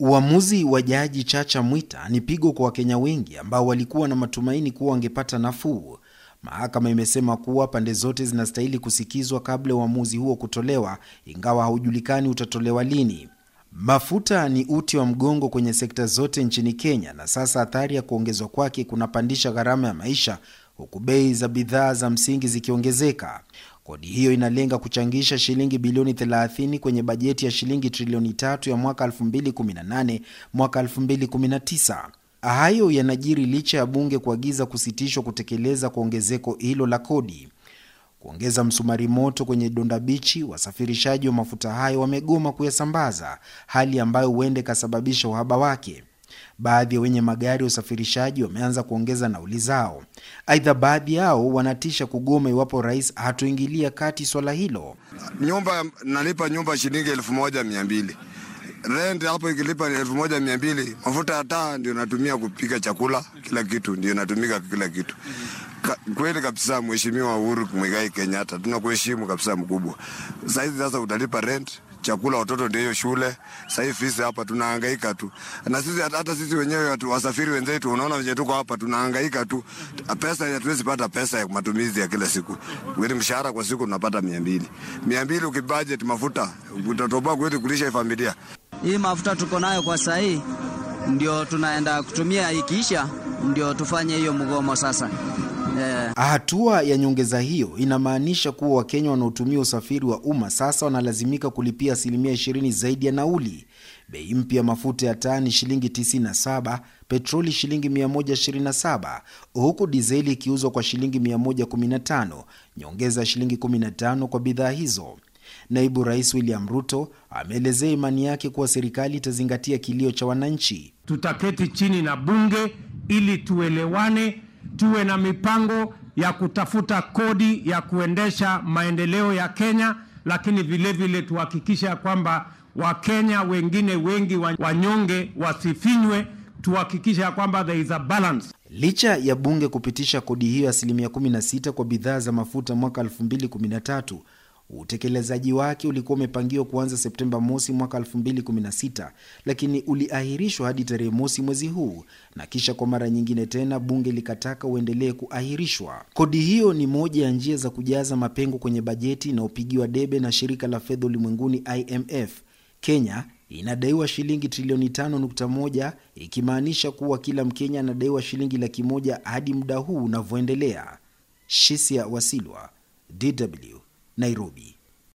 Uamuzi wa Jaji Chacha Mwita ni pigo kwa Wakenya wengi ambao walikuwa na matumaini kuwa wangepata nafuu. Mahakama imesema kuwa pande zote zinastahili kusikizwa kabla uamuzi huo kutolewa, ingawa haujulikani utatolewa lini. Mafuta ni uti wa mgongo kwenye sekta zote nchini Kenya, na sasa athari ya kuongezwa kwake kunapandisha gharama ya maisha, huku bei za bidhaa za msingi zikiongezeka. Kodi hiyo inalenga kuchangisha shilingi bilioni 30 kwenye bajeti ya shilingi trilioni tatu ya mwaka 2018 mwaka 2019. Hayo yanajiri licha ya bunge kuagiza kusitishwa kutekeleza kwa ongezeko hilo la kodi. Kuongeza msumari moto kwenye donda bichi, wasafirishaji wa mafuta hayo wamegoma kuyasambaza, hali ambayo huenda ikasababisha uhaba wake. Baadhi ya wenye magari ya usafirishaji wameanza kuongeza nauli zao. Aidha, baadhi yao wanatisha kugoma iwapo rais hatuingilia kati swala hilo. Nyumba nalipa nyumba shilingi elfu moja mia mbili rent hapo ikilipa ni elfu moja mia mbili mafuta ya taa ndio natumia kupika chakula, kila kitu ndio natumika kila kitu. Ka, kweli kabisa Mheshimiwa Uhuru Mwigai Kenyatta, tunakuheshimu kabisa mkubwa. Sahizi sasa utalipa rent chakula, watoto ndio shule. Sasa hivi sisi hapa tunahangaika tu, na sisi hata sisi wenyewe watu wasafiri wenzetu, unaona venye tuko hapa tunahangaika tu, pesa ya tuwezi pata pesa ya matumizi ya kila siku. Wewe mshahara kwa siku tunapata 200. 200 ukibudget mafuta utatoboa kweli kulisha familia hii. Mafuta tuko nayo kwa sasa hii ndio tunaenda kutumia, ikiisha ndio tufanye hiyo mgomo sasa yeah. Hatua ya nyongeza hiyo inamaanisha kuwa Wakenya wanaotumia usafiri wa umma sasa wanalazimika kulipia asilimia 20 zaidi ya nauli. Bei mpya mafuta ya taa ni shilingi 97, petroli shilingi 127, huku dizeli ikiuzwa kwa shilingi 115, nyongeza ya shilingi 15 kwa bidhaa hizo. Naibu Rais William Ruto ameelezea imani yake kuwa serikali itazingatia kilio cha wananchi. Tutaketi chini na bunge ili tuelewane tuwe na mipango ya kutafuta kodi ya kuendesha maendeleo ya Kenya, lakini vilevile vile ya kwamba Wakenya wengine wengi wanyonge wasifinywe, tuhakikisha ya kwamba there is a balance. Licha ya bunge kupitisha kodi hiyo asilimia 16 kwa bidhaa za mafuta mwaka 2013 Utekelezaji wake ulikuwa umepangiwa kuanza Septemba mosi mwaka 2016 lakini uliahirishwa hadi tarehe mosi mwezi huu, na kisha kwa mara nyingine tena bunge likataka uendelee kuahirishwa. Kodi hiyo ni moja ya njia za kujaza mapengo kwenye bajeti inayopigiwa debe na shirika la fedha ulimwenguni IMF. Kenya inadaiwa shilingi trilioni 5.1 ikimaanisha kuwa kila Mkenya anadaiwa shilingi laki moja hadi muda huu unavyoendelea. Shisia Wasilwa, DW Nairobi.